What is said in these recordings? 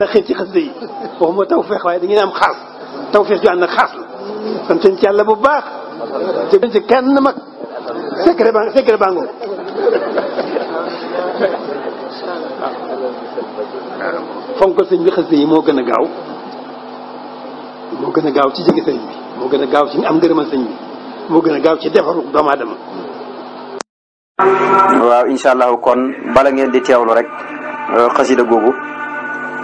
ndax xëy ci xasida yi waxuma tawfeex waaye da ngeen am xaas tawfeex ju ànd ak xaas la sant ci la bu baax jëgën ci kenn mag secret baa secret sëñ bi xasida yi moo gën a gaaw moo gën a gaaw ci jege sëñ bi moo gën a gaaw ci am ngërëmal sëñ bi moo gën a gaaw ci defaru doomu aadama waaw incha allahu kon bala ngeen di teewlu rek xasida googu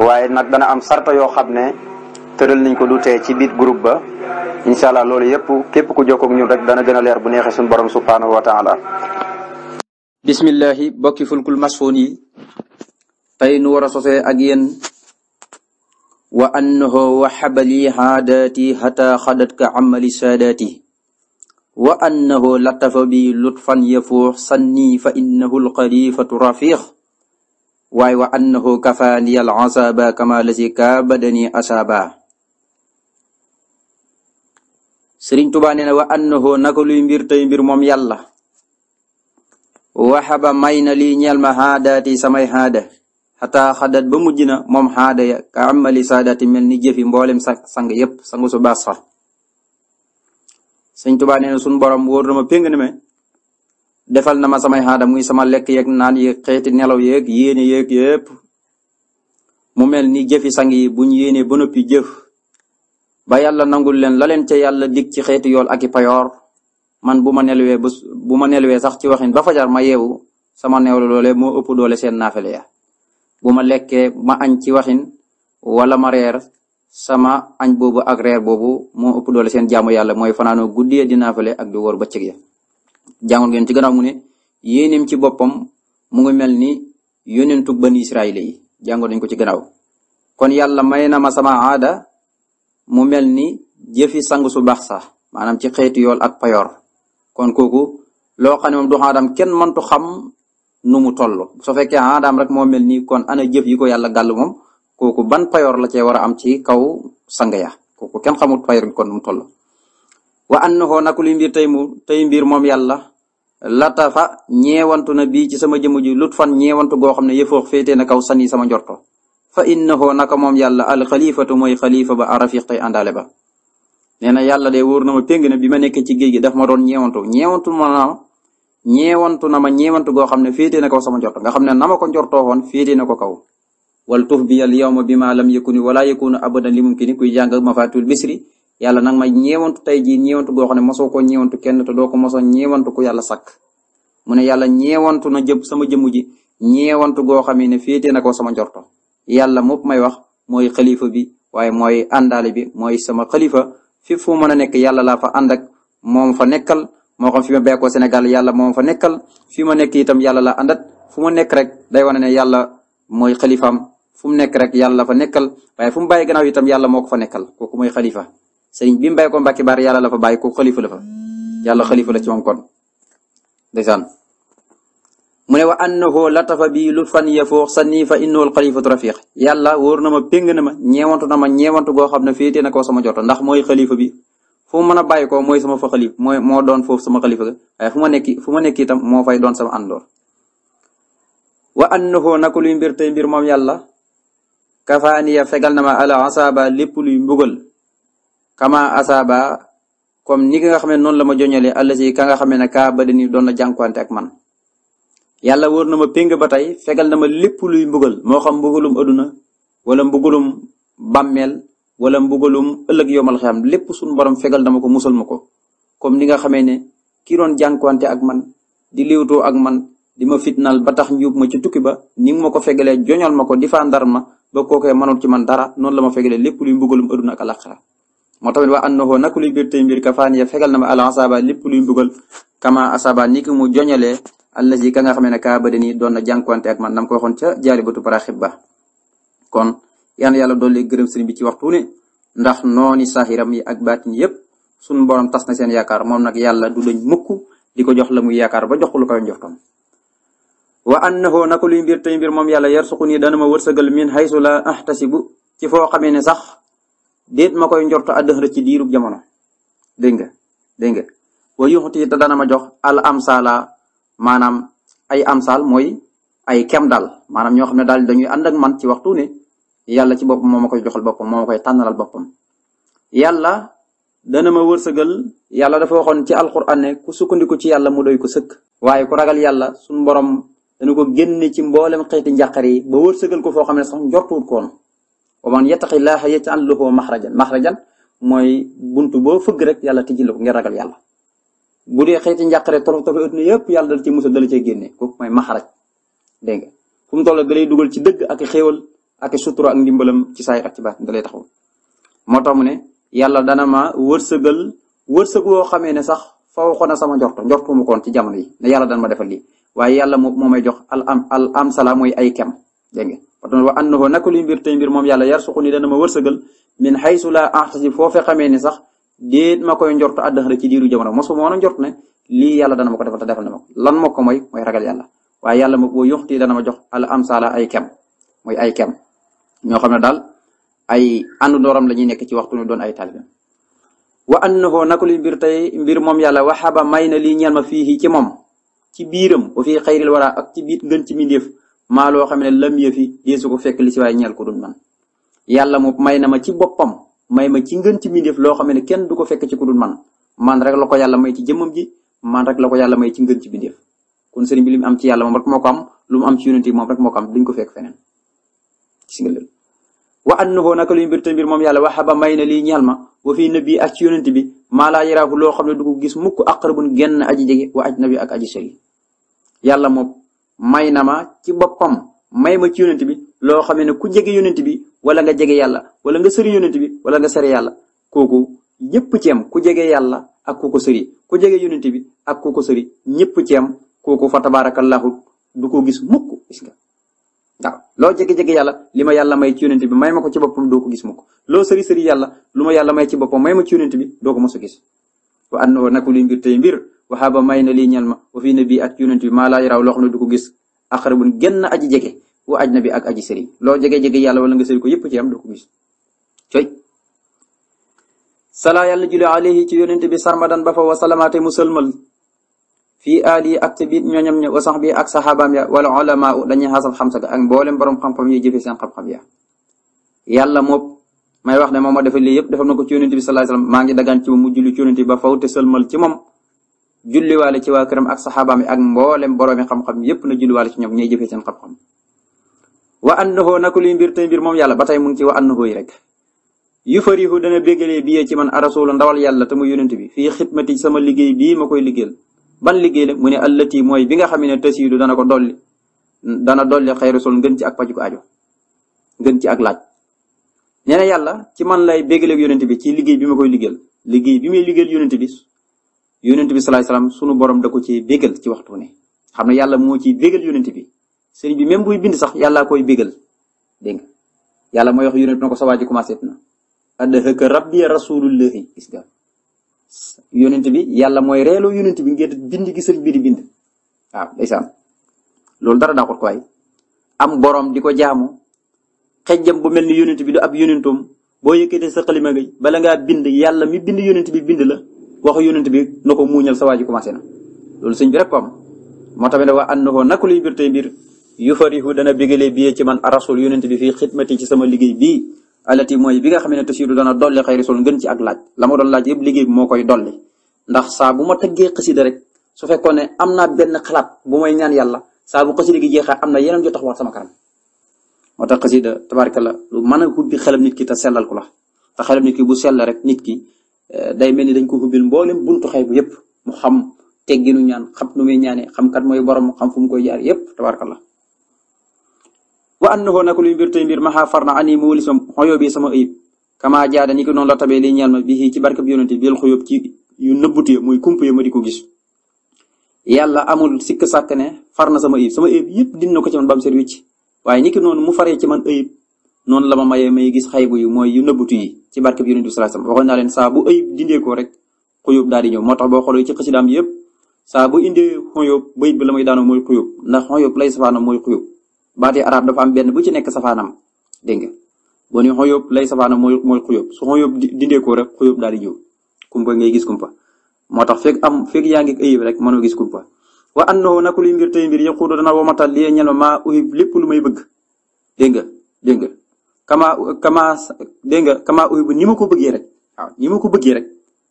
waaye nag dana am sarta yoo xam ne tëral nañ ko lu tee ci biir group ba incha loolu yëpp képp ku jokkoog ñun rek dana gën a leer bu neexee suñu borom subhaanahu wa taala bismillahi bokki fulkul masfoon yi tey nu war a sosee wa annahu wa xabali xaadaati xata ka amali saadaati wa annahu latafa bi lutfan yafuux sanni fa innahu alxalifatu rafiix waaye wa annahu kafaani al asaba kama la si kaabadani asaba sëriñ tubaa nee na wa annahu naka luy mbir tey mbir moom yàlla waxaba may na lii ñeel ma samay xaada xataa xadat ba mujj na moom xaada ya ka amali saadaati mel ni jëfi mboolem sa sang yépp sangu su baas fa sëriñ tubaa nee na sun na ma péng me defal na ma samay xaada muy sama lekk yeg naan yi xeeti nelaw yeeg yéene yeg yëpp mu mel ni jëfi sangi yi buñ yéenee ba noppi jëf ba yàlla nangul leen la leen ca yàlla dig ci xeeti yool ak i payoor man bu ma nelawee ba bu ma nelawee sax ci waxin ba fajar ma yeewu sama neew doole moo ëpp doole seen naafale ya bu ma lekkee ma añ ci waxin wala ma reer sama añ boobu ak reer boobu moo ëpp doole seen jaamu yàlla mooy fanaanoo guddee di naafale ak di wóor bëccëg ya jàngoon ngeen ci gannaaw mu ne ci boppam mu ngi mel ni yónentu bani Israayil yi jàngoon nañ ko ci gannaaw kon yàlla may na ma sama aada mu mel ni jëfi sang su baax sax maanaam ci xeetu yool ak payoor kon kooku loo xam ne moom du aadam kenn mëntu xam nu mu toll su fekkee aadaam rek moo mel nii kon ana jëf yi ko yàlla gàll moom kooku ban payoor la cee war a am ci kaw sang ya kooku kenn xamul payoor kon nu mu toll wa annahu naku li mbir tey mbir moom yàlla latafa ñeewantu na bii ci sama jëmm ji lut fan ñeewantu goo xam ne yëfoox féetee na kaw sani sama njorto fa innahu naka moom yàlla alxalifatu mooy xalifa ba arafiq tey àndaale ba nee na yàlla de wóor na ma péng ne bi ma nekk ci géej gi daf ma doon ñeewantu ñeewantu ma na ñeewantu na ma ñeewantu goo xam ne féetee na kaw sama njorto nga xam ne na ma ko njortoo woon na ko kaw wal tuf bi al yawma bi ma lam yakuni wala yakunu abadan li mumkini kuy jàng mafaatul bisri yàlla nag may ñeewantu tey jii ñeewantu goo xam ne mosoo ko ñeewantu kenn te doo ko mosoo ñeewantu ku yàlla sakk mu ne yàlla ñeewantu na jëm sama jëmm ji ñeewantu goo xam ne féetee na ko sama njorto yàlla moom may wax mooy xalifa bi waaye mooy àndaale bi mooy sama xalifa fi fu mën a nekk yàlla laa fa ànd ak moom fa nekkal moo xam fi beekoo Sénégal yàlla moom fa nekkal fi ma nekk itam yàlla laa àndat fu ma nekk rek day wane ne yàlla mooy xalifaam fu mu nekk rek yàlla fa nekkal waaye fu mu bàyyi gannaaw itam yàlla ko fa nekkal kooku mooy xalifa sëriñ bi mu bàyyi ko Mbàkke Baar yàlla la fa bàyyi ko xalifa la fa yàlla xalifa la ci moom kon ndeysaan mu ne wa annahu latafa bi lu yafuux ya fa innahu alxalifatu rafiq yàlla wóor na ma péng na ma ñeewantu na ma ñeewantu goo xam ne féetee na koo sama joto ndax mooy xalifa bi fu mën a bàyyi ko mooy sama fa xalif mooy moo doon foofu sama xalifa ga waaye fu ma nekki fu ma nekk itam moo fay doon sama àndoor luy mbir tey mbir moom yàlla kafaaniya fegal na ma ala asaba lépp luy mbugal kama asaba comme ni nga xam ne noonu la ma joñalee allasi ka nga xam ne kaa ba deni doon na jànkuwante ak man yàlla wóor na ma péng ba tey fegal na ma lépp luy mbugal moo xam mbugalum aduna wala mbugalum bàmmeel wala mbugalum ëllëg yomal xam lépp suñu borom fegal na ma ko musal ma ko comme ni nga xamee ne ki doon jànkuwante ak man di léewtoo ak man di ma fitnal ba tax njuub ma ci tukki ba ni ma ko fegalee joñal ma ko di fa ndar ma ba kookee mënul ci dara noonu la ma fegalee lépp luy mbugalum aduna ak alaxira moo tamit waa annahu nak luy biir tey mbir kafaaniya fegal na ma al asaba lépp luy mbugal kama asaba ni ki mu joñalee allazi ka nga xam ne kaa bëri nii doon na jànkuwante ak man nam ko waxoon ca jaalibatu paraxib ba kon yan yàlla dolli gërëm sëriñ bi ci waxtu ne ndax nooni saxiram yi ak baatin yépp suñu borom tas na seen yaakaar moom nag yàlla du dañ mukk di ko jox la muy yaakaar bo jox ko lu koy njortam wa annahu naka luy mbir tey mbir déet ma koy njorto àddëxra ci diirub jamono dégg nga dégg nga wa dana ma jox al amsala maanaam ay amsal mooy ay kem daal maanaam ñoo xam ne daal dañuy ànd man ci waxtu ne yàlla ci boppam moo ma koy joxal boppam moo koy tànnalal boppam yàlla dana ma wërsëgal yàlla dafa waxoon ci alquran ne ku sukkandiku ci yàlla mu doy ko sëkk waaye ku ragal yàlla suñu mborom dana ko génne ci mboolem xeeti njàqare yi ba wërsëgal ko foo xam ne sax njortuwut koon wa man yattaqillaaha yaj'al lahu maxrajan maxrajan mooy bunt boo fëgg rek yàlla tijjil ko ngir ragal yàlla bu dee xeeti njàqare torof torof ut na yëpp yàlla dal ci musal dala cee génne kooku mooy maxraj nga fu mu toll da dugal ci dëgg ak xéewal ak sutura ak ndimbalam ci saay ak ci baat da lay taxaw moo tax mu ne yàlla dana ma wërsëgal wërsëg woo xamee ne sax faw xona na sama njorto njortu mu koon ci jamono yi ne yàlla dana ma defal lii waaye yàlla moo may jox al am al am sala mooy ay kem dégg nga patun wa annahu naka luy mbir tey mbir moom yàlla yar suqu ni dana ma wërsëgal min xaysu laa ahtasib foofe xamee ni sax déet ma koy njort àddaxra ci diiru jamono mosu moon a li ne yàlla dana ma ko defal te defal na ma lan moo ko mooy mooy ragal yàlla waaye yàlla ma boo yoxti dana ma jox al amsala ay kem mooy ay kem ñoo xam ne daal ay àndu dooram la ñuy nekk ci waxtu ñu doon ay talibam wa annahu naka luy mbir tey mbir moom yàlla waxaba may na lii ñeel ma fii ci moom ci biiram wa fii xayril wara ak maa loo xam ne lam yëfi yeesu ko fekk li si waay ñeel ko dul man yàlla mu may na ma ci boppam may ma ci ngën ci mbindeef loo xam ne kenn du ko fekk ci ku dul man man rek la ko yàlla may ci jëmmam ji man rek la ko yàlla may ci ngën ci mbindeef kon sëriñ bi lim am ci yàlla moom rek moo ko am mu am ci yonent yi moom rek moo ko am duñ ko fekk feneen gis nga loolu wa annahu naka luy mbir te mbir moom yàlla waxaba may na lii ñeel ma wa fii nabi ak ci yonent bi maa laa yaraahu loo xam ne du ko gis mukk aqrabun genn aji jege wa ajnabi ak aji sori yàlla moom may na ma ci boppam may ma ci yonent bi loo xam ne ku jege yonent bi wala nga jege yàlla wala nga sëri yonent bi wala nga sëri yàlla kooku yépp ceem ku jege yàlla ak ku ko sëri ku jege yonent bi ak ku ko sëri ñépp ci am kooku fa tabaarakallaahu du ko gis mukk gis nga waaw loo jege-jege yàlla li ma yàlla may ci yonent bi may ma ko ci boppam doo ko gis mukk loo sëri sëri yàlla lu ma yàlla may ci boppam may ma ci yonent bi doo ko mos a gis wa ànd waxaaba may na lii ñal ma wa fi nabi ak yonent bi maa laa yaraaw loo xam ne du ko gis aqrabun génn aji jege wa aj na bi ak aji sëri loo jege-jege yàlla wala nga sëri ko yëpp ci am du ko gis coy salaa yàlla julli alayhi ci yonent bi sarmadan ba fa wa salamaate musalmal fii aali ak ci biir ña wa sax bi ak saxaabaam ya wala ulama dañuy xasal xamsa ga ak mboolem borom xam-xam yi jëfe seen xam-xam ya yàlla moom may wax ne moom ma defal lii yëpp defal na ko ci maa ngi dagaan ci mu ba faw te sëlmal ci moom julliwaale ci waa këram ak saxaabaam yi ak mboolem boroomi xam-xam yépp na julliwaale ci ñoom ñay jëfee seen xam-xam wa annahu nak luy mbir te mbir moom yàlla ba tey mu ngi ci wa annahu yi rek yu farihu dana béggalee biyee ci man arasulu ndawal yàlla te mu yonent bi fii xidmati sama liggéey bi ma koy liggéel ban liggéey la mu ne allati mooy bi nga xam ne tasiidu dana ko dolli dana dolli xayru sol ngën ci ak paju ko aju ci ak laaj nee na yàlla ci man lay béggaleeg yonent bi ci liggéey bi ma koy liggéeyal bi may liggéeyal yonent bi yonent bi salaay salaam sunu borom da ko ci bégal ci waxtu ne xam ne yàlla moo ciy bégal yonent bi sëriñ bi même buy bind sax yàllaa koy bégal dégg nga yàlla mooy wax yonent na ko sa waa na adhaka rabbi rasulullahi gis nga yonent bi yàlla mooy reeloo yonent bi ngeen bind gi sëriñ bi di bind waaw ndeysaan loolu dara daaxut ko waay am boroom di ko jaamu xejjam bu mel ni yonent bi du ab yonentum boo yëkkatee sa xalima ngay bala ngaa bind yàlla mi bind yonent bi bind la wax waxu yonent bi na ko muuñal sa waa ji na loolu sëñ bi rek ko am moo tamit wa an naku luy biir tey biir yu farihu dana bégalee biyee ci man arasul yonent bi fii xidmati ci sama liggéey bii alati mooy bi xam ne dana dolli xayri sul ngën ci ak laaj la ma doon laaj yëpp liggéey bi moo koy dolli ndax saa bu ma tëggee xasida rek su fekkoon ne am naa benn xalaat bu may ñaan yàlla saa bu xasida gi jeexee am na yeneen jo tax wax sama kanam moo tax xasida tabaarkalla lu man a ubbi xelam nit ki te sellal ko la te xelam nit ki bu sell rek nit ki Eh, day mel ni dañ ko ubbil mboole buntu xay bu yëpp mu xam tegginu ñaan xam nu muy ñaane xam mooy borom mu xam fu mu koy jaar yëpp tabarakallah wa annahu nak luy mbir tey mbir ma xaa far na ani mu wëli sama xoyoo bi sama ayib kama ko noonu la tabee li ñeel ma bii ci barkab yonente bil xoyóob ci muy kump ma di ko gis yàlla amul sikk sàkk ne far na sama ayib sama ayib yëpp din na ko ci man bam ser wicc waaye ni noonu mu faree ci man ayib noonu la ma mayee may gis xaybu yi mooy yu nëbbutu yi ci barke bi yonent bi sallallahu alayhi wasallam waxoon naa leen saa bu ayib dindeekoo rek xuyub daal di ñëw moo tax boo xoolee ci xasidaam yëpp saa bu indee xuyub bayit bi la may daanoo mooy xuyub ndax xuyub lay safaanam mooy xuyub baatee arab dafa am benn bu ci nekk safaanam dégg nga boo ne xuyub lay safaanam mooy mooy xuyub su xuyub dindeekoo rek xuyub daal di ñëw kumpa ngay gis kumpa moo tax fekk am fekk yaa ngi ayib rek mënoo gis kumpa wa annahu naka luy mbir tey mbir yëquudu dana womatal li ñel ma maa uhib lépp lu may bëgg dégg nga dégg nga kama kama dégg nga kama uy bu ko bëggee rek waaw ni ma ko bëggee rek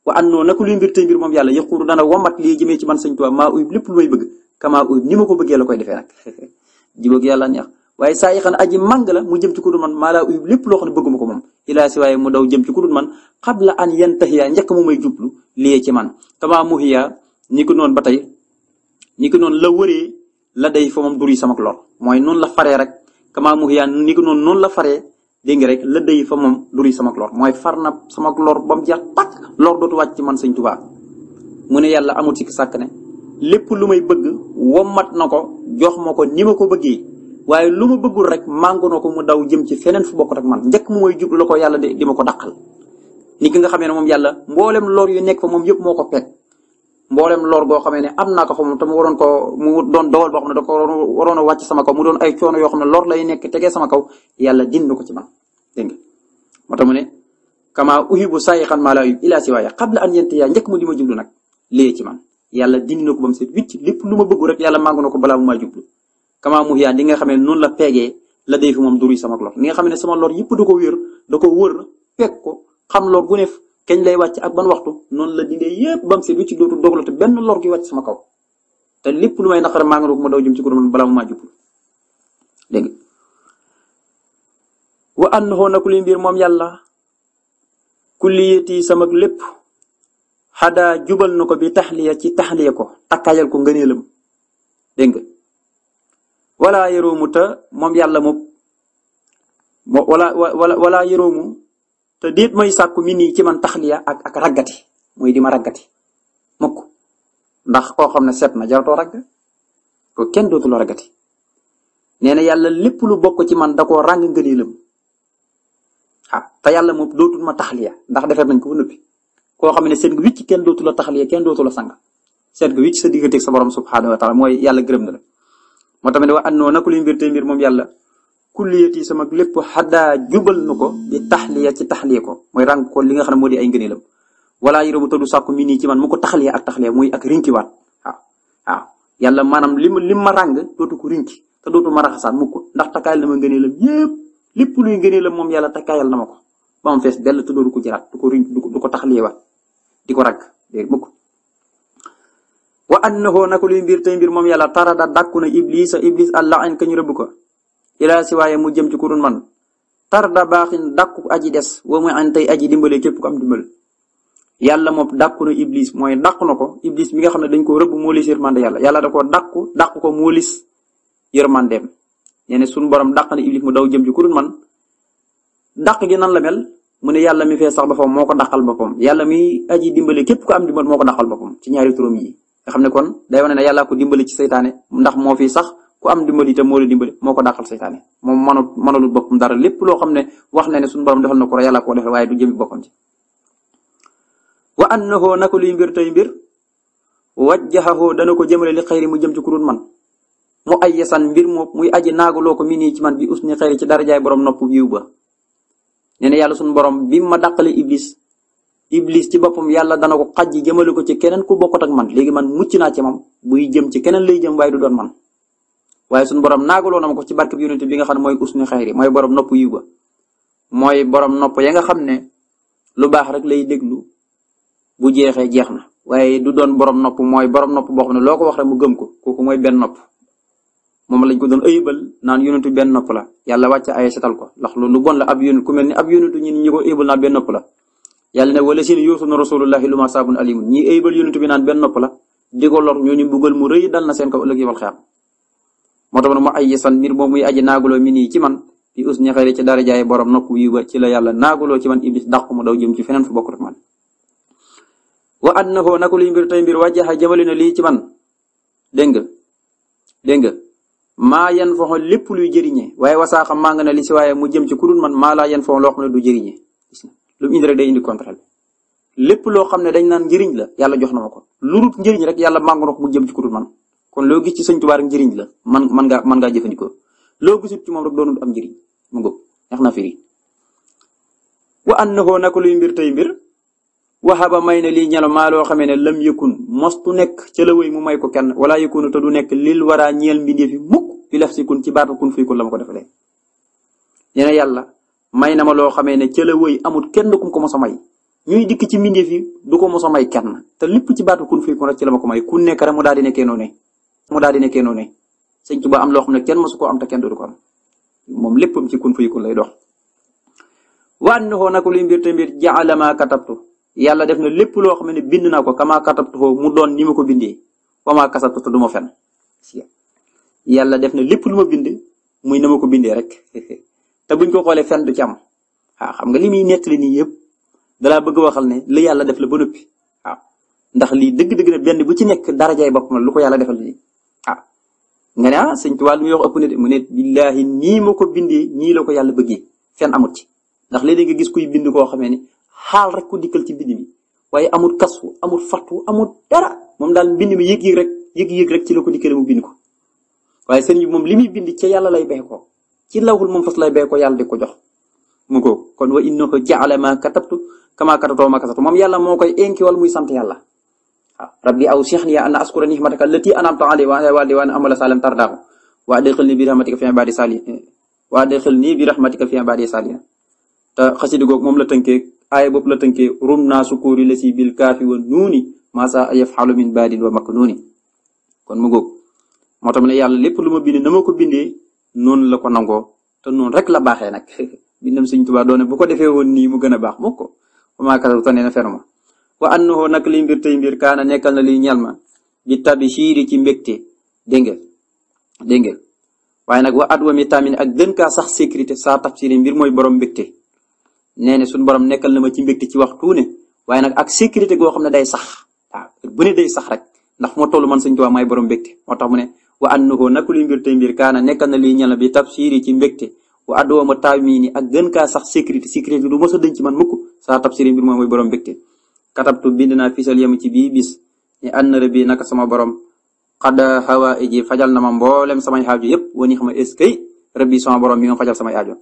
wa an noo naka luy mbir tey mbir moom yàlla yëquuru dana womat lii jëmee ci man sëñ Tuubaa maa uy lépp lu may bëgg kama uy ni bëggee la koy defee nag jibóog yàlla neex waaye saa yi xam aji màng la mu jëm ci ku dul man maa laa uy lépp loo xam ne bëgguma ko moom ilaa si waaye mu daw jëm ci ku dul man xabla an yantahiya njëkk mu may jublu lii ci man kama muhiya ni ko noonu ba tey ni ko noonu la wëree la day fa moom sama lor mooy noonu la faree dégg nga rek la yi fa moom du sama lor mooy far na sama lor ba mu jeex tàkk lor dootu wàcc ci man sëñ Tuubaa mu ne yàlla amul ci sàkk ne lépp lu may bëgg wommat na ko jox ma ko ni ma ko bëggee waaye lu ma bëggul rek màngu na ko mu daw jëm ci feneen fu bokkut ak man njëkk mu mooy jub la ko yàlla di ma ko dàqal. ni ki nga xamee ne moom yàlla mboolem lor yu nekk fa moom yëpp moo ko fekk mboolem lor goo xamee ne am naa ko xam mu doon dogal boo xam ne da ko waroon a wàcc sama kaw mu doon ay coono yoo xam ne lor lay nekk tegee sama kaw yàlla dind ko ci man dégg nga moo tax mu ne kama uhibu saayiqan maa laa uhib ilaa siwaaya qabla an yantiya njëkk mu ma jublu nag lée ci man yàlla dindi na ko ba mu lu ma bëgg rek yàlla màngu na ko balaa mu maa jublu kama yaa li nga xamee ne noonu la peegee la day fi moom duri sama lor li nga xam ne sama lor yëpp da ko wér da ko wër peg ko xam lor gu neef kañ lay wàcc ak ban waxtu noonu la dindee yépp bam si lu ci dootul benn lor gi wàcc sama kaw te lépp lu may naqar maa ngi roog ma daw jëm ci kuréel balaa maa jublu mbir moom yàlla kulliyati sama lépp xadaa jubal na ko bi taxliya ci taxliya ko takkaayal ko ngëneelam dégg walla wala yaroomu te moom yàlla moom wala wala wala yaroomu te déet may sàkku mi ci man taxliya ak ak raggati muy di ma raggati mukk ndax koo xam ne set na jaratoo ragg ko kenn dootu la raggati nee na yàlla lépp lu bokk ci man da koo ràng ngëneelam ah te yàlla moom dootul ma taxliya ndax defar nañ ko ba koo xam ne seen gi wicc kenn dootu la taxliya kenn dootu la sang seen wicc sa digganteeg sa borom subhanahu wa mooy yàlla gërëm na la moo tamit wa annoo naku li mbir tey mbir moom yàlla kulliyati sama lépp xaddaa jubal na ko di taxliya ci taxliya ko mooy ràng ko li nga xam ne moo di ay ngëneelam wala yorobu tëddu sàkku mi nii ci man mu ko taxalee ak taxalee muy ak rinkiwaat waaw waaw yàlla maanaam li ma li ma ràng dootu ko rinki dootu ma raxasaat mukk ndax takkaayal na ma ngëneelam yépp lépp luy ngëneelam moom yàlla takka na ma ko ba mu fees dell te ko jaraat ko rinki du ko di ko ragg dégg mukk wa annahu nako luy mbir tey mbir moom yàlla tarada dàkku na iblisa iblis allah an ka ñu rëbb ko ilaa si waaye mu jëm ci ku dul man tarada baaxin dàkku aji des wa muy an tey aji dimbale képp ko am dimbal yàlla moom dàkku na iblis mooy dàqu na ko iblis mi nga xam ne dañ koo rëbb moo lis yërmande yàlla yàlla da koo dàqu dàqu ko moo lis yërmandeem nee ne suñu borom dàq na iblis mu daw jëm ci ku dul man dàq gi nan la mel mu ne yàlla mi fee sax boppam moo ko dàqal boppam yàlla mi aji dimbale képp ko am dimbal moo ko dàqal boppam ci ñaari turam yi nga xam ne kon day wane ne yàllaa ko dimbale ci saytaane ndax moo fi sax ku am dimbali itam moo la moo ko daqal saytaane moom mënul mënalul boppam dara lépp loo xam ne wax na ne suñu borom defal na ko yàlla koo defal waaye du jëm boppam ci wa annahu naka luy mbir tey mbir wajjahahu dana ko jëmale li xayri mu jëm ci kurun man mu ayyasan mbir moom muy aji naaguloo ko mi nii ci man bi usni xayri ci darajaay borom nopp yiw ba nee na yàlla suñu borom bi ma dàqale iblis iblis ci boppam yàlla dana ko xajji jëmale ko ci keneen ku bokkut man léegi man mucc naa ci moom buy jëm ci keneen lay jëm waaye du doon man waaye suñu borom naagaloo na ma ko ci barke bi yonent bi nga xam ne mooy usni xayri mooy borom nopp yiw ba mooy borom nopp ya nga xam ne lu baax rek lay déglu bu jeexee jeex na waaye du doon borom nopp mooy borom nopp boo xam ne loo ko wax mu gëm ko kooku mooy benn nopp moom lañ ko doon ayibal naan yonentu benn nopp la yàlla wàcce ay setal ko ndax loolu lu bon la ab yonent ku mel ni ab yonentu ñun ñi ko ayibal naan benn la yàlla wala seen yuusu na rasulullahi lu ñi ayibal yonentu bi naan benn nopp la di ko lor mu rëy dal na seen kaw ëllëg yowal xeex moo tax mu ay san mbir moom muy aji naaguloo mi nii ci man fi us ñaxeere ci dara jaay borom nopp wi ba ci la yàlla naaguloo ci man iblis dàq mu daw jëm feneen fu bokkut ak man wa annahu naku liy mbir tey mbir wàjjaxa jëmale na lii ci man dégg nga dégg nga maa yan foxo lépp luy jëriñe waaye wasaaxa maa nga ne li si waaye mu jëm ci ku dul man maa laa yan foxo loo xam ne du jëriñe lu mu indi rek day indi contraire lépp loo xam ne dañ naan njëriñ la yàlla jox na ma ko lu dul njëriñ rek yàlla màngu na mu jëm ci ku dul man kon loo gis ci sëñ Tuubaa rek la man man ngaa man ngaa jëfandikoo loo gisut ci moom rek doonul am njëriñ mu ngóob neex na firi wa annahu naku luy mbir tey mbir waxaba may na lii ñelo maa loo xamee ne lam yëkkun mos tu nekk ca la wéy mu may ko kenn wala yëkkunu te du nekk lil waraa ñeel mbindee fi mukk fi laf si kun ci baatu kun fii kun la ma ko defalee nee yàlla may na ma loo xamee ne ca la wéy amul kenn kum ko mos a may ñuy dikk ci mbindee fi du ko mos a may kenn te lépp ci baatu kun fii kun ci la ma ko may ku nekk rek mu daal di nekkee daal di nekkee noonu sëñ am loo xam ne kenn mosu koo am te kenn du ko am moom léppam ci kun fii kun lay dox waan na xoo nag luy mbir te mbir jaala maa katabtu yàlla def na lépp loo xam ne bind naa ko kamaa katabtuhu mu doon ni ma ko bindee wamaa kasabtu du ma fen yàlla def na lépp lu ma bind muy na ma ko bindee rek te buñ ko xoolee fen du ci am waaw xam nga li muy nettali nii yëpp dalaa bëgg waxal ne li yàlla def la ba noppi waaw ndax lii dëgg-dëgg benn bu ci nekk darajaay boppam lu ko yàlla defal nii nga ne ah sëñ Tuubaa lu muy ëpp mu ne billaahi nii ma ko bindee nii la ko yàlla bëggee fen amut ci ndax léeg-léeg nga gis kuy bind koo xamee ni xaal rek ko dikkal ci mbind mi waaye amul kasu amul fattu amul dara moom daal mbind mi yëg-yëg rek yëg rek ci la ko dikkale mu bind ko waaye sëriñ yi moom li muy bind ca yàlla lay bay ko ci lawhul mahfuus lay bay ko yàlla de ko jox mu ko kon wa innahu ja'ala ma katabtu kama katabtu ma kasabtu moom yàlla moo koy enki wal muy sant yàlla waaw rabbi awsixni an askura nixmataka allati an'amta alayya wa ala walidayya wa an amala salihan tardaahu wa adxilni bi rahmatika fi ibaadi salihin wa adxilni moom la tënkee aaye boobu la tënkee rum naa sukuuri la si bil kaafi wa nuuni maasaa yafxalu min baadin wa maknuuni kon mu góog moo tax ne yàlla lépp lu ma bindee na ma ko bindee noonu la ko nangoo te noonu rek la baaxee nag bindam Sëñ Tuubaa doone bu ko defee woon nii mu gën a baax mukk ko maa kasaw tane na fenuma wa nag li mbir tey mbir kaana nekkal na liy ñal ma bi tabi siiri ci mbégte dégg nga dégg nga nag wa at wa mi tamin ak gën kaa sax sécurité saa tafsiri mbir borom mbégte nee na suñu borom nekkal na ma ci mbégte ci waxtu ne waaye nag ak sécurité goo xam ne day sax ah bu ne day sax rek ndax moo tollu toll man suñu tubaab maay borom mbégte moo tax mu ne wa annahu naka luy mbir tey mbir kaana nekkal na liy ñala bi tafsiri ci mbégte wa adduwa ma taamini ak gën kaa sax sécurité sécurité du mos a denc man mukk saa tafsiri mbir moom mooy borom mbégte katabtu bind naa fisal yem ci bii bis ne anna rabbi naka sama borom xada hawa iji fajal na ma mboolem samay xaaju yëpp wani xam est-ce que rabbi sama borom mi nga fajal samay aajo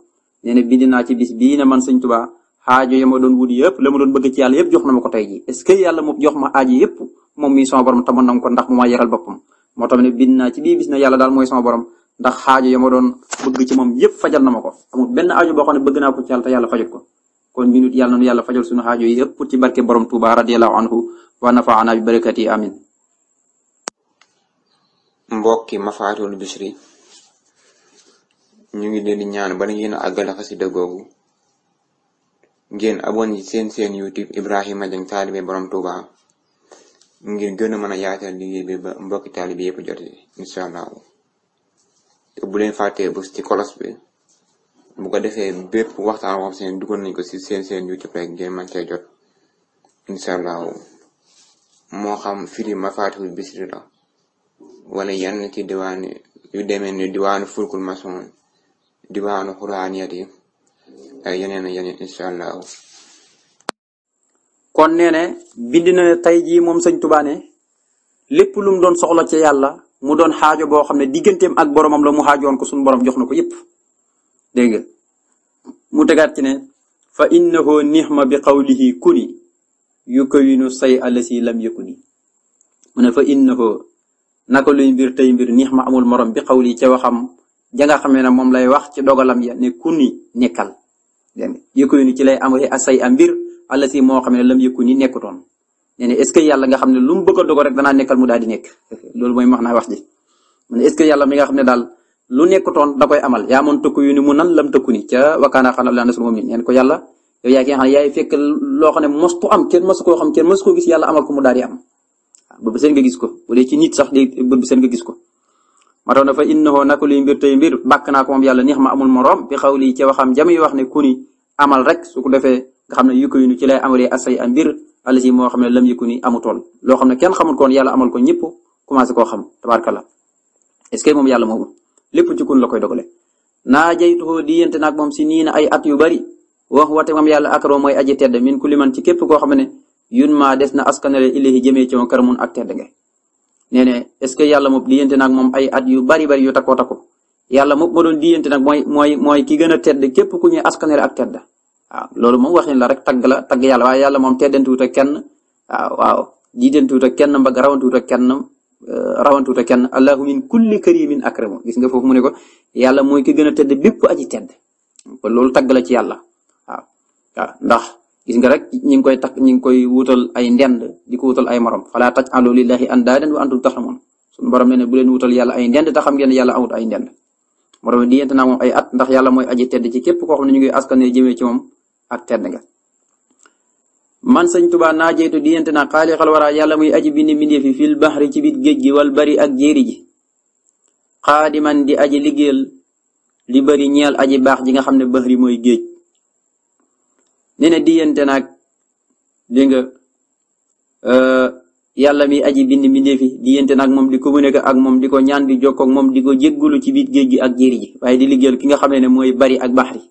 nee na bind naa ci bis bii ne man sëñ tubaa aajo ya ma doon wut yëpp la ma doon bëgg ci yàlla yëpp jox na ma ko tey ji est-ce que yàlla mu jox ma aajo yëpp moom mii sama borom te mën na ko ndax mu ma yaral boppam moo tax ne bind naa ci bii bis ne ma doon bëgg ci moom yëpp fajal na ma ko amul benn aajo boo xam ne bëgg naa ko ci yàlla te yàlla fajal ko kon ñu nit yàlla na yàlla fajal suñu aajo yi yëpp ci barke borom Tuuba radiyallahu anhu wa nafaana bi barakati amin mbokki Mafaatihul Bichri ñu ngi leen di ñaan bala ngeen a àggale xasida googu ngeen abonné ci seen seen YouTube Ibrahima Dieng taalibe borom Touba ngir gën a mën a yaatal liggéey bi ba mbokki taalibe yëpp jot incha allah te bu leen fàttee bu ci kolos bi bu ko defee bépp waxtaan woo seen duggoon nañ ko si seen seen YouTube rek ngeen mën cee jot incha allah moo xam firi Mafatihul Bichri la wala yenn ci diwaan yu demee ni diwaanu fulkul masoon diwaanu xuraaniyat yi ay yeneen yeneen incha allahu kon nee bind na ne tey jii moom sëñ Tuubaa ne lépp lu mu doon soxla ci yàlla mu doon xaajo boo xam ne digganteem ak boromam la mu xaajoon ko suñu borom jox na ko yëpp dégg nga mu tegaat ci ne fa innahu bi qawlihi kuni yukawinu say alasi lam yakuni mu ne fa innahu naka luy mbir tey mbir nixma amul morom bi xawli ca waxam ja nga xamee na moom lay wax ci dogalam ya ne kuni nekkal dégg yëkkuni ci lay am asay a mbir àlla si moo xam ne lam yëkkuni nekkutoon nee na est ce que yàlla nga xam ne lu mu bëgg a dogal rek danaa nekkal mu daal di nekk loolu mooy wax naa wax mi nga xam ne daal lu nekkutoon da koy amal yaa moon tëkku yu ni mu nan lam tëkku ni ca wakaanaa xanaa laa nasul mumin neen ko yàlla yow yaa ki nga yaay fekk loo xam ne mostu am kenn mosu koo xam kenn mosu koo gis yàlla amal ko mu daal am bët bu seen nga gis ko bu dee ci nit sax dee bët seen nga gis ko ma tax na fa innahu naka luy mbir tey mbir bàkk naa ko moom yàlla ma amul moroom bi xaw lii ci jami wax ne ku amal rek su ko defee nga xam ne yukko yu nu ci lay amalee asay a mbir alasi moo xam ne lam yukku ni loo xam ne kenn xamul koon yàlla amal ko ñëpp commencé koo xam tabaarkalla est-ce que moom yàlla moomu lépp ci kun la koy dogale naa jaytuhoo diyante naag moom si nii na ay at yu bari wax wate moom yàlla akaroo mooy aji tedd min ku liman ci képp koo xam ne yun maa des na askanale ilahi jëmee ci moom karamun ak tedd nga nee es est-ce que yàlla moom diyante nag moom ay at yu bari bari yu takkoo takku yàlla moom ma doon diyante nag mooy mooy mooy ki gën tedd képp ku ñuy askanere ak tedd waaw loolu moom waxin la rek tagg la tagg yàlla waaye yàlla moom teddantuwut ak kenn waaw waaw jiitantuwut ak kenn mbag rawantuwut ak kenn euh, rawantuwut ak kenn allahu min kulli karimin akramu gis nga foofu mu ne ko yàlla mooy ki gën a tedd bépp aji tedd kon loolu tagg la ci yàlla ndax gis nga rek ñi ngi koy takk ñi ngi koy wutal ay ndend di ko wutal ay morom fala taj alu lillahi andaadan wa antum taxlamuun suñu borom nee na bu leen wutal yàlla ay ndend ta xam ngeen yàlla amut ay ndend morom di yente naa moom ay at ndax yàlla mooy aji tedd ci képp koo xam ne ñu ngi askane jëmee ci moom a tedd nga man sëñ Tuubaa naa jeetu di yente naa xaalixal wara yàlla muy aji bindi mbindeef yi fil baxri ci biir géej gi wal bari ak jéeri ji xaadiman di aji liggéeyal li bari ñeel aji baax ji nga xam ne baxri mooy géej nee na diggante nag dégg nga euh, yàlla mi aji bind mbindee fi diggante nag moom di communiqué ak moom di ko ñaan di jokkoo ak moom di ko jéggulu ci biir géej gi ak jéeri ji waaye di liggéeyal ki nga xam ne ne mooy bari ak baxri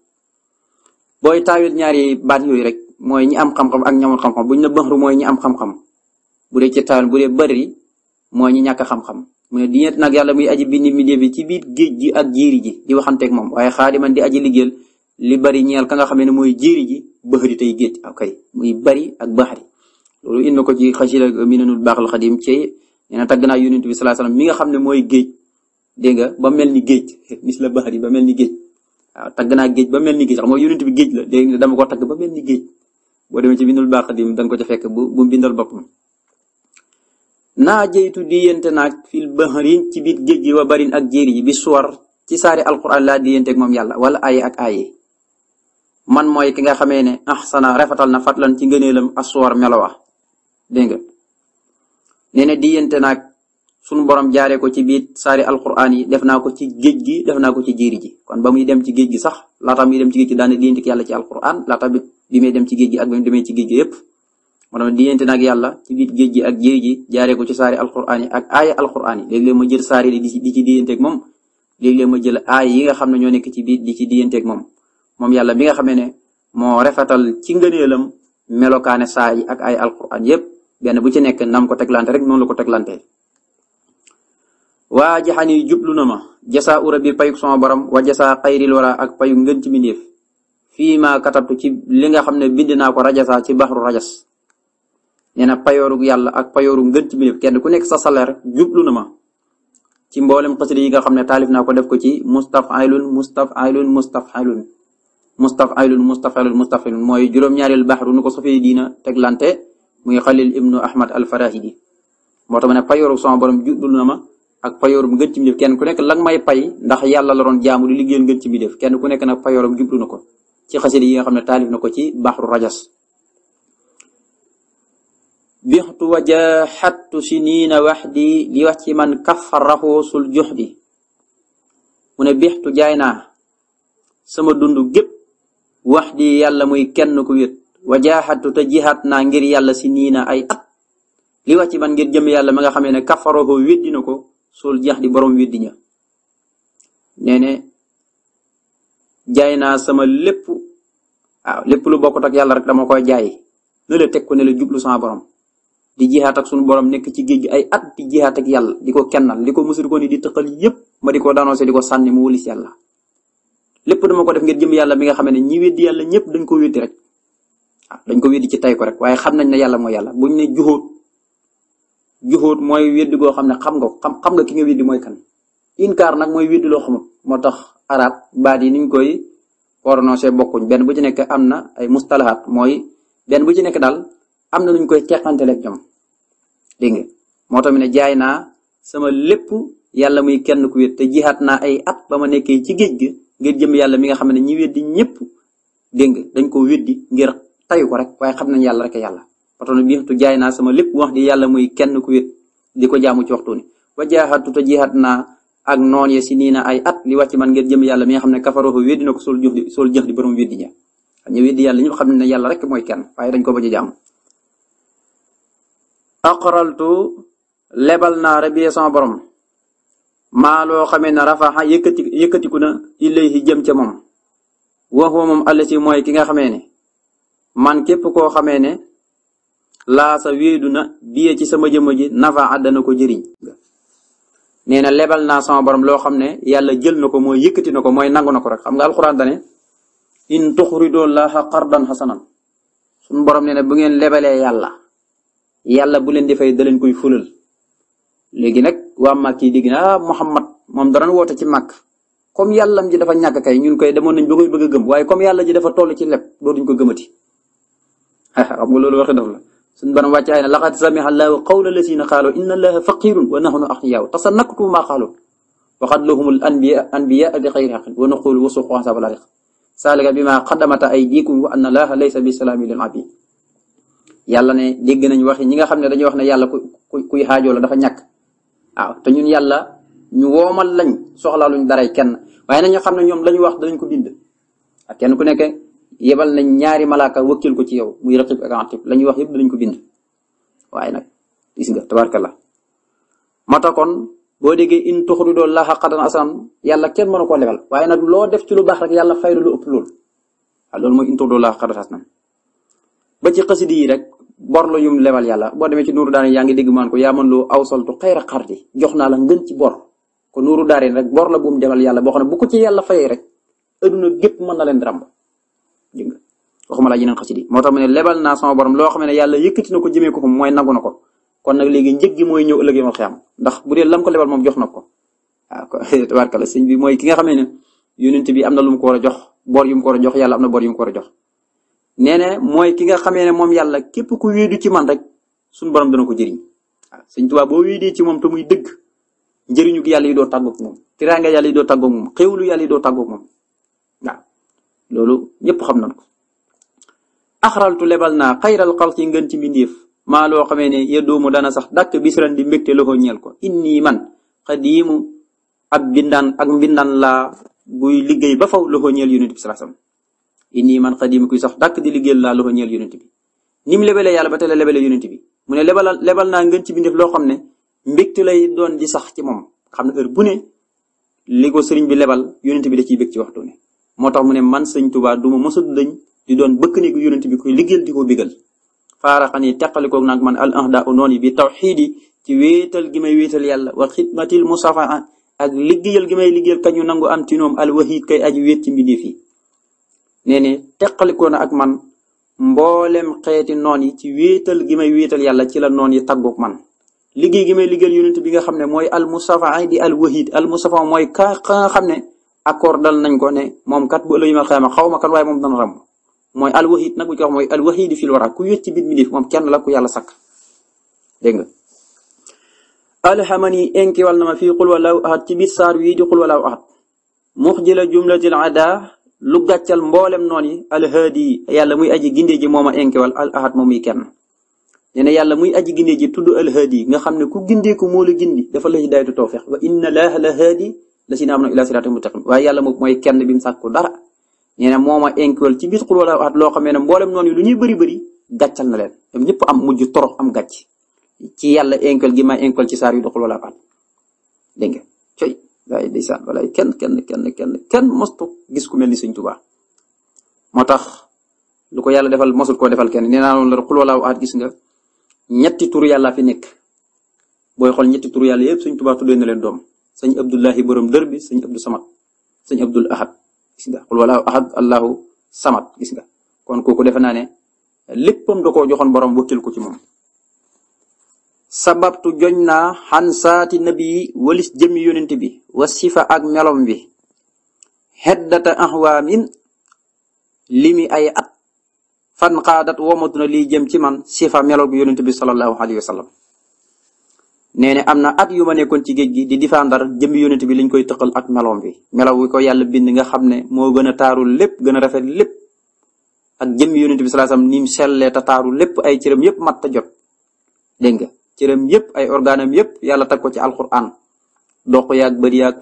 booy taawil ñaari baat yooyu rek mooy ñi am xam-xam ak ñamul xam-xam buñ la baxru mooy ñi am xam-xam bu dee ci taawil bu dee bari mooy ñi ñàkk xam-xam mu ne diggante nag yàlla muy aji bind mbindee fi ci biir géej gi ak jéeri ji di waxanteeg moom waaye xaadiman di aji liggéeyal li bari ñeel ka nga xam ne mooy jéeri ji bëxëri tey géej ak kay muy bari ak baxari loolu indi ko ci xasida minanul baaxal xadim ci nee na tagg naa yonent bi salaa salaam mi nga xam ne mooy géej dégg nga ba mel ni géej mis la baxari ba mel ni géej waaw naa géej ba mel ni géej xam mooy unit bi géej la dégg nga dama ko tagg ba mel ni géej boo demee ci bindul baax xadim da nga ko ca fekk bu bu bindal boppam naa jeytu diyente naag fil bahrin ci biir géej gi wa bari ak jéeri yi bi suwar ci saari alquran laa diyenteeg moom yàlla wala aye ak aye man mooy ki nga xamee ne ahsana rafetal na fatlan ci ngëneelam aswar melowa dégg nga nee na diyante naag sunu borom jaaree ko ci biit saari alquran yi def naa ko ci géej gi def naa ko ci jéeri ji kon ba muy dem ci géej gi sax laata muy dem ci géej gi daana diyante yàlla ci alquran laata bi bi muy dem ci géej gi ak bi mu demee ci géej gi yépp moo diyente diyante naag yàlla ci biit géej gi ak jéeri ji jaaree ko ci saari alquran yi ak aaya al yi léeg-léeg ma jël saari di ci diyanteeg moom léeg ma jël aaya yi nga xam ne ñoo nekk ci biit di ci diyanteeg moom moom yàlla mi nga xamee ne moo rafetal ci ngëneelam melokaane saa yi ak ay alquran yépp benn bu ci nekk nam ko teglante rek noonu la ko teglante waa jaxani jublu na ma jasaa ura payuk sama borom wa jasaa xayril wara ak payu ngën ci mindeef fii ma ci li nga xam ne bind naa ko rajasaa ci baxru rajas nee na payooru yàlla ak payooru ngën ci mindeef kenn ku nekk sa salaire jublu na ma ci mboolem xasida yi nga xam ne taalif naa ko def ko ci mustafailun mustafailun mustafailun mustafailun mustafailun mustafailun mooy juróom-ñaareelu baxru nu ko sofee diina teglante muy xalil ibnu ahmad al farahidi moo tax ne payooru sama borom juddul na ma ak payoorum gën ci kenn ku nekk lan may pay ndax yàlla la doon jaamu di liggéeyal gën ci mi def kenn ku nekk na payoorum jublu na ko ci xasida yi nga xam ne taalif na ko ci baxru rajas bixtu wa jaaxattu siniina waxdi di wax ci man kafa raxoosul jox di mu ne bixtu jaay naa sama dund wax di yàlla mooy kenn ku wét wa jaaxattu te jihaat naa ngir yàlla si nii na ay at li wax ci man ngir jëm yàlla ma nga xamee ne kafaroho weddi na ko sol jeex di borom weddi ña nee jaay naa sama lépp waaw lépp lu bokkut ak yàlla rek dama koy jaay ne la teg ko ne la jublu sama borom di jihaat ak sunu borom nekk ci géej ay at di jihaat ak yàlla di ko kennal di ko musul ko ni di tëqal yépp ma di ko danoose di ko sànni mu wulis yàlla lépp dama ko def ngir jëm yàlla mi nga xam ne ñi weddi yàlla ñëpp dañ ko weddi rek waaw ah, dañ ko weddi ci tay ko rek waaye xam nañ ne yàlla mooy yàlla buñ ne juxóot juxóot mooy weddi goo xam ne xam nga xam xam nga ki nga weddi mooy kan inkaar nag mooy weddi loo xamul moo tax arab baat yi niñ koy prononcé bokkuñ benn bu ci nekk am na ay mustalahaat mooy benn bu ci nekk daal am na nuñ koy teqanteleeg ñoom dégg nga moo tax ne jaay naa sama lépp yàlla muy kenn ku wét te naa ay at ma nekkee ci géej gi ngir jëm yàlla mi nga xam ne ñi weddi ñëpp dégg nga dañ ko weddi ngir tayu ko rek waaye xam nañ yàlla rek yàlla watona biixtu jaay naa sama lépp wax di yàlla muy kenn ku wét di ko jaamu ci ni wa jaaxatu te jiixat naa ak noon ye si nii ay at li wàcc man ngir jëm yàlla mi nga xam ne kafaroo weddi na ko sol jëx di sol jëx di borom weddi ña xam ñu weddi yàlla ñëpp xam ne yàlla rek mooy kenn waaye dañ ko bañ a jaamu aqraltu lebal naa rabbi borom maa loo xamee na rafa yëkkati yëkkatiku na ilayhi jëm ca moom waxoo moom allati mooy ki nga xamee ne man képp koo xamee ne laa sa wéedu na biye ci sama jëmm ji nafa dana ko jëriñ nee na lebal naa sama borom loo xam ne yàlla jël na ko mooy yëkkati na ko mooy nangu na ko rek xam nga alxuraan dane in tuxridu llaha qardan xasanan suñu borom nee na bu ngeen lebalee yàlla yàlla bu leen di fay da koy fulal léegi waa Màkk yi dégg na ah Muhammad moom danañ woote ci Màkk comme yàllam ji dafa ñàkk kay ñun koy demoon nañ ba koy bëgg a gëm waaye comme yàlla ji dafa toll ci lépp dootuñ ko gëmati xam nga loolu la suñu borom wàcc ay na laqad samiha allahu qawla lazina qaalu inna allaha faqirun wa nahnu aghniyaa te sa wa qatluhumul anbiya anbiya bi xayri xaqin wa naqulu wasuqu asaabal ariiq saalika bimaa qaddamata aydiikum wa anna allaha laysa bi salaami lil abiid yàlla ne dégg nañ ñi nga xam ne dañuy wax ne yàlla ku kuy xaajoo la dafa ñàkk waaw te ñun yàlla ñu woomal lañ soxla luñ daray kenn waaye nañu xam ne ñoom la wax danañ ko bind ak kenn ku nekke yebal nañ ñaari malaaka wëkkil ko ci yow muy raqib ak atib la ñuy wax yépp danañ ko bind waaye nag gis nga tabaarkalla mata kon boo déggee in tuxridoo laaha xadan asan yàlla kenn mënu koo lebal waaye nag loo def ci lu baax rek yàlla fayru lu ëpp loolu waaw loolu mooy in tuxridoo laaha xadan asan ba ci xasidi yi rek bor la yum lebal yàlla boo demee ci nuuru daane yaa ngi dégg maan ko yaa man loo awsaltu xayra xarti jox naa la ngën ci bor ko nuuru daareen rek bor la bu mu lebal yàlla boo xam ne bu ko ci yàlla fayee rek adduna gépp mën na leen ràmb dégg nga waxuma laa yeneen xasidi moo tax mu ne lebal naa sama loo xam ne yàlla yëkkati na ko jëmee ko fa mooy nangu na ko kon nag léegi njëg gi mooy ñëw ëllëg yomal xiyam ndax bu dee lam lebal moom jox na ko waaw tabarkala sëñ bi mooy ki nga xam ne yonent bi am na lu mu ko war a jox bor yu mu ko a jox yàlla am na bor yu mu ko a jox nee na mooy ki nga xamee ne moom yàlla képp ku wéedu ci man rek suñu borom dana ko jëriñ waaw sëñ Tuubaa boo wéedee ci moom te muy dëgg njëriñu yàlla yi doo tàggoog moom tiraanga yàlla yi doo tàggoog moom xéwlu yàlla yi doo moom loolu ñëpp xam nañ ko axraltu lebal naa xayral xalqi ngën ci mbindéef maa loo xamee ne yedoomu dana sax dàkk bisiran di mbégte loxo ñeel ko inni man xadiimu ab bindaan ak mbindaan laa buy liggéey ba faw loxo ñeel yonent inni man xadima kuy sax dàkk di liggéeyal laa loxo ñeel yonent bi ni mu lebalee ba te la lebalee yonent bi mu ne lebal lebal naa ngeen ci bindef loo xam ne mbégte lay doon di sax ci moom xam ne heure bu ne li ko sëriñ bi lebal yonent bi da ciy bég ci moo tax mu ne man sëñ Tuubaa du ma mos a dañ di doon bëkk néegu yonent bi koy liggéeyal di ko bégal faaraxani teqalikoog naag man al ahda u noon yi bi tawxiidi ci wéetal gi may wéetal yàlla wa xidmatil musafa ak liggéeyal gi may liggéeyal kañu nangu am ci noom al wahid kay aji wéet ci mbindeef yi nee ne teqalikoo na ak man mboolem xeeti noon yi ci wéetal gi may wéetal yàlla ci la noon yi tagguk man liggéey gi may liggéeyal yonent bi nga xam ne mooy al musafa di al wahid al musafa mooy ka nga xam ne accord dal nañ ko ne moom kat bu ëllëgee ma xaw ma kat waaye moom dana ram mooy al wahid nag bu ñu mooy al wahid fil wara ku wét ci bit mi def moom kenn la ku yàlla sakk dégg nga alhamani na ma fii xul walaaw ahad ci biir saar wii di xul walaaw ahad muxjila jumlatil lu gàccal mboolem noon yi alhaadi yi yàlla muy aji gindee ji mooma enkewal al ahad moom muy kenn nee yàlla muy aji gindee ji tudd alhaadi yi nga xam ne ku gindeeku moo la gindi dafa la hidaayatu tawfiq wa inna laaha la haadi la si na am na ila siraatin mustaqim waaye yàlla moom mooy kenn bi mu sàkku dara nee na mooma enkewal ci biir xul wala ahad loo xamee ne mboolem noon yi lu ñuy bëri bëri gàccal na leen ñoom ñëpp am mujj torox am gàcc ci yàlla enkewal gi ma enkewal ci saar yu doxul wala ahad dégg nga waaye ndeysaan walaay kenn kenn kenn kenn kenn mostu gis ku mel ni sëñ Tuubaa moo tax lu ko yàlla defal mosul koo defal kenn nee naa loolu la xul wala aat gis nga ñetti tur yàlla fi nekk booy xool ñetti tur yàlla yëpp sëñ Tuubaa tuddee na leen doom sëñ Abdullahi borom dër bi sëñ Abdou Samad sëñ Abdul Ahad gis nga xul wala ahad Allahu Samad gis nga kon kooku defe naa ne léppam da koo joxoon borom wëkkil ko ci moom. sababtu joñ naa xan saati nabi walis jëmi yonent bi. wa sifa ak melom bi xeddata axwaamin limi ay at fan xaadat womatu na lii jëm ci man sifa melo bi yonent bi sallallahu alayhi wa sallam ne am na at yu ma nekkoon ci géej gi di difandar jëmbi yonent bi liñ koy tëqal ak melom bi melaw wi ko yàlla bind nga xam ne moo gën taaru lépp gën a rafet lépp ak jëmbi yonent bi sallallahu alayhi wa ni mu sellee ta taaru lépp ay cëram yëpp mat ta jot dégg nga cëram yëpp ay organam yëpp yàlla tag ko ci alquran doq yaag bët yaag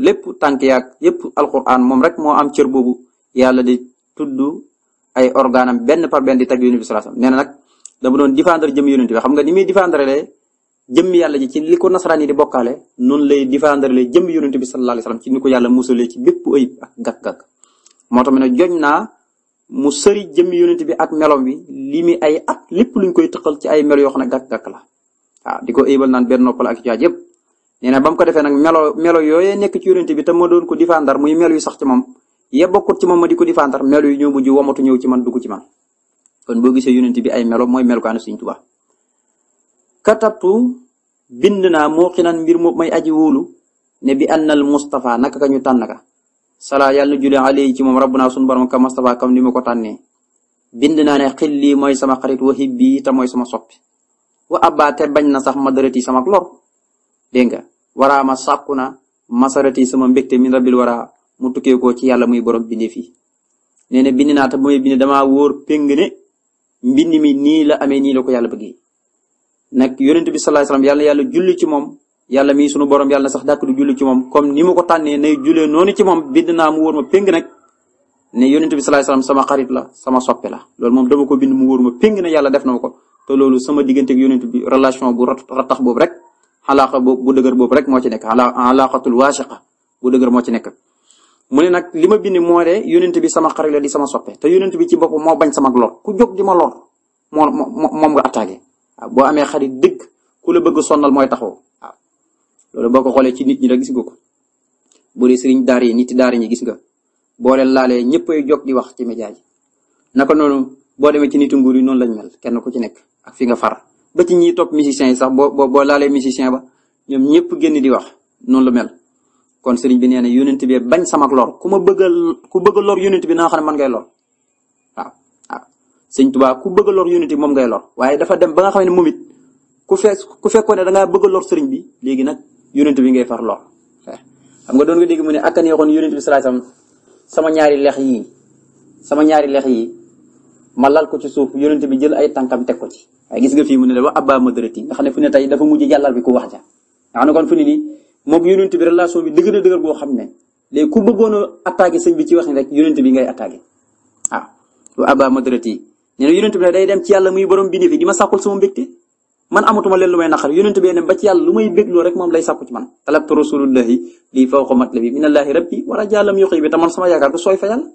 lépp tànk yaag yépp alquran moom rek moo am cër boobu yàlla di tudd ay organam benn par benn di tag yonent bi sallallahu nee na nag dama doon défendre jëm yonent bi xam nga ni muy défendre le jëm yàlla ji ci li ko nasaraan yi di bokkaale noonu lay défendre le jëm yonent bi sallallahu alayhi wasallam ci ni ko yàlla musalee ci bépp ayib ak gàkk moo tax ma ne joñ naa mu sëri jëmm yonent bi ak melom bi li mi ay at lépp luñ koy tëqal ci ay melo yoo xam ne gàkk la waaw di ko ayibal naan benn noppal ak jaaj yëpp nee bam ba mu ko defee nag melo melo yooyee nekk ci yonent bi te ma doon ko difandar muy mel yu sax ci moom ye bokkut ci moom ma di ko difandar melo yu ñoo mujj womatu ñëw ci man dugg ci man kon boo gisee yonent bi ay melo mooy melukaanu Sëriñ Tuubaa katabtu bind naa muuqinan mbir moom may aji wóolu ne bi an annal Moustapha naka ka ñu tànn ka salaa yàlla na julli alayhi ci moom rabbunaa sunu borom ka Moustapha kam ni ma ko tànnee bind naa ne xilli mooy sama xarit wa hibbi te mooy sama soppi wa abbaate bañ na sax ma madarati sama lor dégg nga waraama sàkku na masarati sama mbégte min rabbil wara mu tukkee ko ci yàlla muy borom bindee fii nee na bind naa te bu may bind damaa wóor péng ne mbind mi nii la amee nii la ko yàlla bëggee nag yonent bi sallallahu alayhi wasallam yàlla yàlla ci moom yàlla mii sunu borom yàlla sax dàkk du julli ci moom comme ni mu ko tànnee ne jullee noonu ci moom bind naa mu wóor ma péng nag ne yonent bi sallallahu alayhi sama xarit la sama soppe la loolu moom dama ko bind mu wóor ma péng ne yàlla def na ma ko te loolu sama digganteeg yonent bi relation bu ratax boobu rek alaaqa boobu bu dëgër boobu rek moo ci nekk ala alaaqatul waasiqa bu dëgër moo ci nekk. mu ne nag li ma bind moo de yonent bi sama xarit la di sama soppe te yonent bi ci bopp moo bañ sama lor ku jóg di ma lor moo moom nga attaqué ah, boo amee xarit dëgg ku la bëgg a mooy taxaw waaw ah, boo ko xoolee ci nit ñi rek gis nga ko bu dee sëriñ daara yi nit daara ñi gis nga boo leen laalee ñëppay jóg di wax ci média yi naka noonu boo demee ci nitu nguur yi noonu lañ mel kenn ku ci nekk ak fi nga far. ba ci ñiy topp musiciens yi sax boo boo boo laalee musicien ba ñoom ñëpp génn di wax noonu lu mel. kon sëriñ bi nee na yónent bi bañ sama lor ku ma bëgg ku bëgg lor yónent bi na xam ne man ngay lor waaw waaw sëñ Tuubaa ku bëgg lor yónent moom ngay lor waaye dafa dem ba nga xam ne moom ku fe ku fekkoon ngaa bëgg lor sëriñ bi léegi nag yónent bi ngay far lor eh, xam nga doon nga dégg mu ne ak a neexoon yónent bi salaasam sama ñaari lex yii sama ñaari lex yii man lal ko ci suuf yonent bi jël ay kam teg ko ci waaye gis nga fii mu ne la wa abba madrati nga xam ne fu ne tey dafa mujj jàllal bi ku wax ja nga bi relation boo xam ne léegi ku bëggoon a attaqué wax ni rek yonent bi ngay ci yàlla muy borom bindee fi di ma sàkkul sama mbégte man amatuma lu may naqar yonent lay sàkku ci man talabtu rasulullahi lii fawqa matlabi minallahi rabbi sama yaakaar du sooy fa yàlla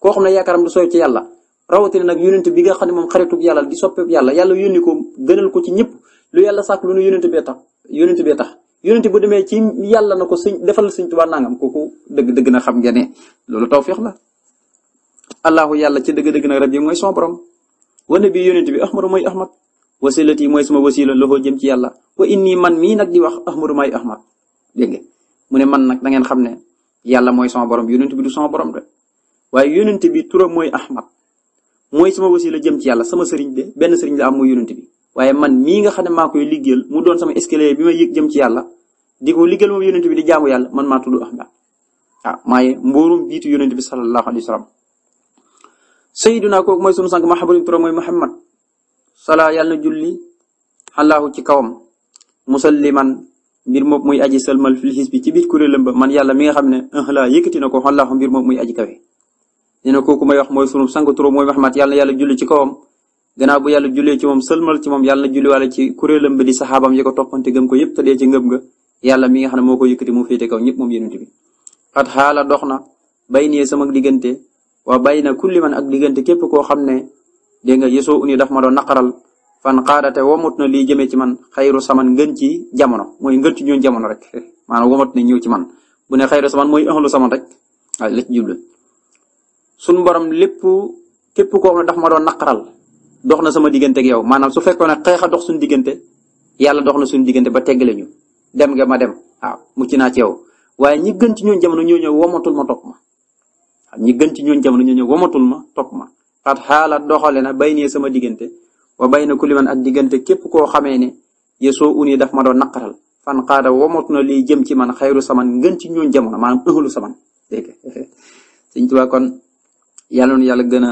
koo xam ne yaakaaram du sooy ci yàlla rawatina nag yónent bi nga xam ne moom xaritu yàlla di soppeeb yàlla yàlla yónni ko gënal ko ci ñëpp lu yàlla sàkk lu nu yónent bee tax yónent bee tax bu demee ci yàlla na ko sëñ defal sëñ Tuubaa nangam kooku dëgg dëgg na xam ngeen ne loolu tawféex la allahu yàlla ci dëgg dëgg nag rab mooy son borom wane bi yónent bi ahmadu mooy ahmad wasilat yi mooy sama wasila loxoo jëm ci yàlla wa inni man mii nag di wax ahmadu mooy ahmad dégg nga mu ne man nag da ngeen xam ne yàlla mooy son borom yónent bi du son borom de waaye yónent bi turam mooy ahmad mooy sama wasila jëm ci yàlla sama sëriñ de benn sëriñ la am muy yonent bi waaye man mii nga xam ne maa koy liggéeyal mu doon sama escalier bi ma yëg jëm ci yàlla di ko liggéeyal moom yonent bi di jaamu yàlla man maa tudd Ahmad ah maaye mboorum biitu yonent bi sallallahu alayhi wa sallam sayyiduna kooku mooy sunu sang ma turam mooy Muhammad sala yàlla na julli allahu ci kawam musalliman mbir moom muy aji sëlmal fil xis bi ci biir kuréelam ba man yàlla mi nga xam ne ah, laa yëkkati na ko xallaahu mbir moom muy aji kawe nee na kooku may wax mooy sunu sang turo mooy Muhammad yàlla na yàlla julli ci kawam gannaaw bu yàlla jullee ci moom sëlmal ci moom yàlla na julliwaale ci kuréelam bi di saxaabam yi ko toppante gëm ko yëpp te dee ci ngëm nga yàlla mi nga xam ne moo ko yëkkati mu féete kaw ñëpp moom yonent bi xat xaala dox na bay nii sama diggante waa bay na kulli man ak diggante képp koo xam ne dégg nga yesoo uni daf ma doon naqaral fan xaadate wamut na lii jëmee ci man xayru saman ngën ci jamono mooy ngën ci ñoon jamono rek maanaam wamut na ñëw ci man bu ne xayru saman mooy ëxlu saman rek waaye la suñu mborom lépp képp koo xam ne ma doon naqaral dox na sama diggante ak yow maanaam su fekkoon ne xeex a dox suñu diggante yàlla dox na suñu diggante ba teggale ñu dem nga ma dem waaw mucc naa ci yow waaye ñi gën ci ñoon jamono ñoo ñëw womatul ma topp ma ñi gën ci ñoon jamono ñoo ñëw womatul ma topp ma xat xaala doxale na bay nee sama diggante wa bay na ku liman ak diggante képp koo xamee ne yesoo uni daf ma doon naqaral fan xaada womatu na liy jëm ci man xayru saman ngën ci ñoon jamono maanaam ëxalu saman dégg nga sëñ kon yàlla na yàlla gën a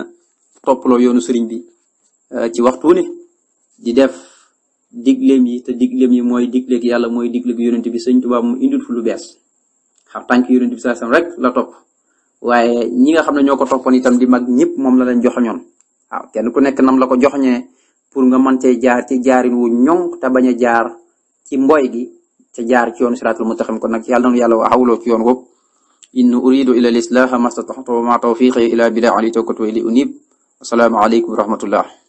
toppaloo yoonu sëriñ bi eh, ci waxtu ne di def digleem yi te digleem yi mooy digleeg yàlla mooy digleeg yonent bi sëñ Tuubaa mu indil fu lu bees xam tànk yonent bi saasam rek la topp waaye ñi nga xam ne ñoo ko toppoon itam di mag ñëpp moom la leen joxoñoon waaw kenn ku nekk nam la ko joxoñee pour nga mën cee jaar ci jaarin wu ñoŋ te bañ a jaar ci mboy gi ca jaar ci yoonu siraatul mustaqim kon nag yàlla na yàlla waxawloo ci yoon woowu in uridu ila al islaha ma stataxtu wa ma tawfiqi ila billah alayhi tawakkaltu wa ilayhi unib assalaamu aleykum wa rahmatullah